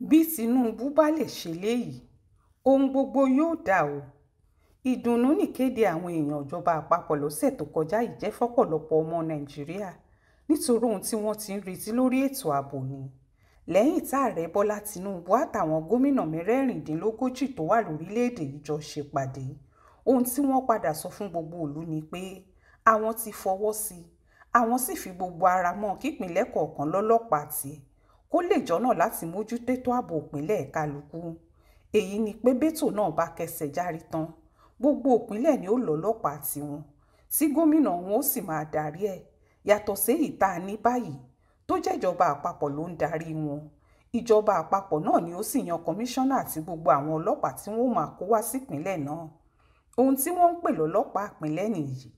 bí tinubu bá lè ṣeléyìí ohun gbogbo yóò dáa o ìdùnnú nìkéde àwọn èèyàn ìjọba àpapọ̀ lọ́sẹ̀ tó kọjá yìí jẹ́ fọ́pọ̀lọpọ̀ ọmọ nàìjíríà nítorí ohun tí wọ́n ti ń retí lórí ètò ààbò ni lẹ́yìn tá ààrẹ bọ́lá tinubu àtàwọn gómìnà mẹ́rẹ̀ẹ̀rìndínlógójì tó wà lórílẹ̀‐èdè yìí jọ ṣèpàdé ohun tí wọ́n padà sọ fún gbogbo ìlú ni pé àwọn ti fọwọ́ sí i àwọn sì fi gbogbo ara mọ́ kípínlẹ̀ kọ̀ọ̀kan lọ́lọ́pàá tiẹ̀ kó lè jọ́nà láti mójútó ètò ààbò ìpínlẹ̀ kálukú èyí ni pé bẹ́tò náà bá kẹsẹ̀ járí tán gbogbo ìpínlẹ̀ ni ó lọ́lọ́pàá tiwọn tí gómìnà wọn ó sì máa darí ẹ̀ yàtọ̀ séyìí tá a ní báyìí tó jẹ́ ìjọba àpapọ̀ ló ń darí wọn ìjọba àpapọ̀ náà ni ó sì yan kọmíṣánná àti gbogbo àwọn ọlọ́pàá tí wọ́n máa kó wá sípínlẹ̀ náà ohun tí wọ́n ń pè lọ́lọ́pàá ìpínlẹ̀ nìyí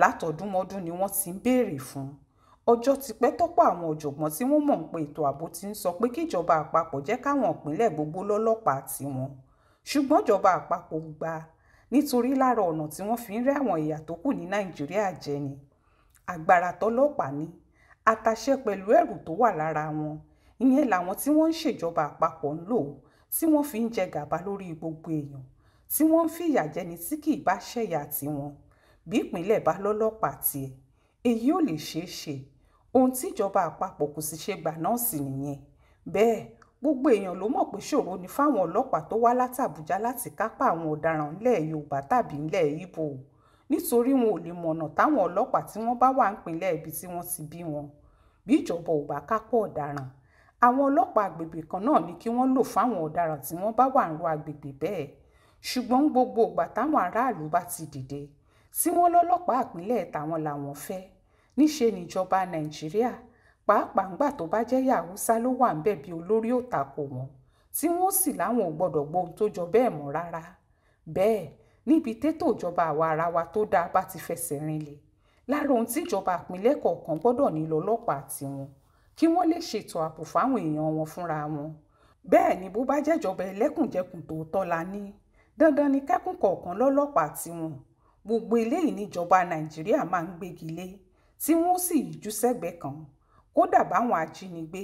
látọdúnmọ́dún ni wọ́n ti ń béèrè fún un ọjọ́ ti pẹ́ tọ́pọ̀ àwọn ọ̀jọ̀gbọ́n tí wọ́n mọ̀ ń pa ètò ààbò ti ń sọ pé kíjọba àpapọ̀ jẹ́ káwọn ìpínlẹ̀ gbogbo lọ́lọ́pàá tiwọn ṣùgbọ́n ìjọba àpapọ̀ gba nítorí lára ọ̀nà tí wọ́n fi ń rẹ́ àwọn ẹ̀yà tó kù ní nàìjíríà jẹ ni agbára tọlọ́pàá ní àtàṣe pẹ̀lú ẹ̀rù tó wà lára wọn ìyẹn làwọn tí wọ́n ń ṣèjọba àpapọ̀ ń lò tí wọ́n fi ń jẹ gàba lórí gbogbo èèyàn tí wọ́n ń fìyà jẹni tí kì í bá ṣẹ̀yà tiwọn bí ìpínlẹ̀ bá lọ́lọ́pàá tiẹ̀ èyí ò lè ṣeé ṣe ohun tí ìjọba àpapọ̀ kò sì ṣe gbà náà sì nìyẹn bẹ́ẹ̀ gbogbo èèyàn ló mọ̀ pé ṣòro ni fáwọn ọlọ́pàá tó wá látàbújá láti kápá àwọn ọ̀daràn ńlẹ̀ yorùbá tàbí ńlẹ̀ ibo nítorí wọn ò lè mọ̀nà táwọn ọlọ́pàá tí wọ́n bá wà nípìnlẹ̀ ibi tí wọ́n ti bí wọn bí ìjọba ò bá kápọ̀ ọ̀daràn àwọn ọlọ́pàá àgbègbè kan náà ni kí wọ́n lò fáwọn ọ̀daràn tí wọ́n bá wà ń ro àgbègbè bẹ́ẹ̀ ṣùgbọ́n gbogbo ìgbà táwọn aráàlú bá ti dìde tí wọ́n lọ́lọ́pàá ìpínlẹ̀ tàwọn làwọn fẹ́ níṣe níjọba nàìjíríà pàápàá ńgbà tó bá jẹ́ yahusa ló wà ńbẹ̀ bí olórí òtàkò wọn tí wọ́n sì láwọn ò gbọ́dọ̀ gbọ́ ohun tó jọ bẹ́ẹ̀ mọ́ rárá bẹ́ẹ̀ níbi tètò ìjọba àwa ara wa tó dáa bá ti fẹsẹ̀ rinlẹ̀ lára ohun tí ìjọba àpínlẹ̀ kọ̀ọ̀kan gbọ́dọ̀ ní lọ́lọ́pàá tiwọn kí wọ́n lè ṣètò ààbò fáwọn èèyàn wọn fúnra wọn bẹ́ẹ̀ ni bó bá jẹ́jọba ẹlẹ́kùnjẹkùn tòótọ́ la ní dandan ni kẹ́kùn kọ̀ọ̀kan lọ́lọ́pàá tiwọn gbogbo eléyìí níjọba nàìjíríà máa ń gbégi lé tí wọ́n sì jù sẹ́gbẹ̀ẹ́ kan kódà báwọn ajínigbé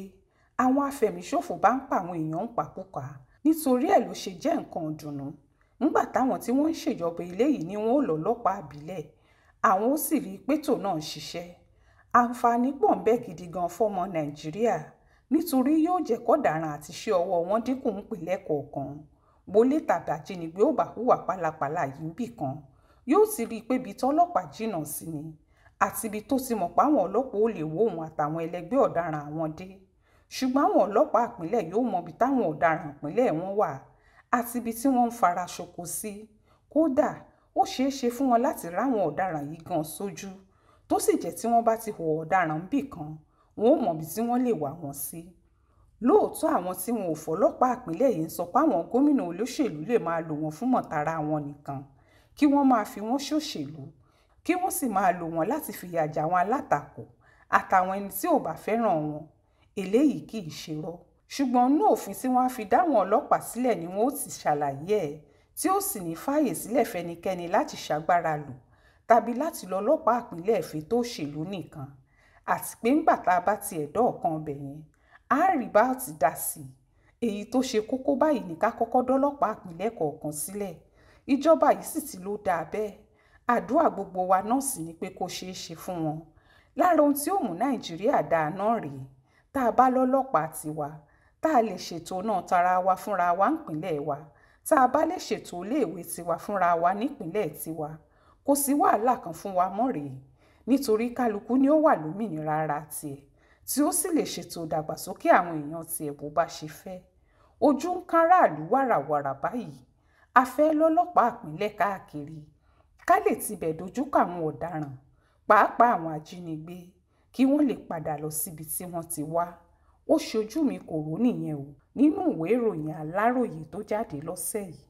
àwọn afẹ̀míṣòfò bá ń pa àwọn èèyàn ń pàkúkà nítorí ẹ̀ ló ṣe jẹ́ nǹkan ìdùnnú ńgbà táwọn tí wọ́n ń ṣèjọba ilé yìí ni wọ́n ó lọ́lọ́pàá àbílẹ̀ àwọn ó sì rí pétò náà ń ṣiṣẹ́ àǹfààní pọ̀ ń bẹ gidi gan fọ́mọ nàìjíríà nítorí yóò jẹ́ kọ́daràn àti ṣe ọwọ́ wọn dínkù ń pìlẹ̀ kọ̀ọ̀kan wọlé tàbí ajínigbé ó bá hùwà pálapàla yìí ń bì kan yóò sì rí i pé ibi tọ́lọ́pàá jìnnà sí ni àti ibi tó ti mọ̀ páwọn ọlọ́pàá ò lè wó òun àtàwọn ẹlẹgbẹ́ ọ̀daràn àwọn dé ṣùgbọ́n àwọn ọlọ́pàá ìpínlẹ̀ yóò mọ ibi táwọn ọ̀daràn ìpínlẹ̀ wọn wà àti ibi tí wọ́n ń fara ṣoko sí kódà ó ṣeé ṣe fún wọn láti ráwọn ọ̀daràn yìí gan sójú tó sì jẹ́ tí wọ́n bá ti hùwà ọ̀daràn ń bì kan wọn ò mọ ibi tí wọ́n lè wà wọ́n sí. lóòótọ́ àwọn tí wọn ò fọlọ́pàá ìpínlẹ̀ yìí ń sọ páwọn gómìnà olóṣèlú lè máa lò wọ́n fún mọ̀tara wọn nìkan kí wọ́n máa fi wọ́n ṣòṣèlú kí wọ́n sì máa lò wọ́n láti fìyà jà wọn alátakò àtàwọn ẹni tí ò bá fẹ́ràn wọn eléyìí kì í ṣerọ́ ṣùgbọ́n inú òfin tí wọ́n á fi dá wọn ọlọ́pàá sílẹ̀ ni wọ́n ó ti ṣàlàyé ẹ̀ tí ó sì ní fààyè sílẹ̀ fẹ́nikẹ́ni láti ṣàgbára lò tàbí láti lọ ọlọ́pàá ìpínlẹ̀ èfè tó ṣèlú nìkan àti pé ńgbà tá a bá ti ẹ̀dọ́ ọ̀kan ọbẹ̀ yẹn á rí bá ti dá sí i èyí tó ṣe kókó báyìí ní ká kọ́kọ́ dọ́lọ́pàá ìpínlẹ̀ kọ̀ọ̀kan sílẹ̀ ìjọba yìí sì ti ló dáa bẹ́ẹ̀ àdúrà gbogbo wa náà sì ni pé kó ṣeé ṣe fún wọn lára ohun tí ó mú nàìjíríà dáa náà rèé tá a bá lọ́lọ́pàá tiwa tá a lè ṣètò náà tara wa fúnra wa nípínlẹ̀ wa tá a bá lè ṣètò iléèwé tiwa fúnra wa nípínlẹ̀ tiwa kò sí wàhálà kan fún wa mọ́ rèé nítorí kálukú ni ó wà lómìnira ara tiẹ̀ tí ó sì lè ṣètò ìdàgbàsókè àwọn èèyàn tiẹ̀ bó bá ṣe fẹ́ ojú ń kan ráàlú wàràwàrà báyìí a fẹ́ lọ́lọ́pàá ìpínlẹ̀ káàkiri ká lè tibẹ̀ dojúkọ àwọn ọ̀daràn pàápàá àwọn ajínigbé kí wọ́n lè padà lọ síbi tí wọ́n ti wá ó ṣojú mi kò rò nìyẹn o nínú ìwé ìròyìn aláròye tó jáde lọ́sẹ̀ yìí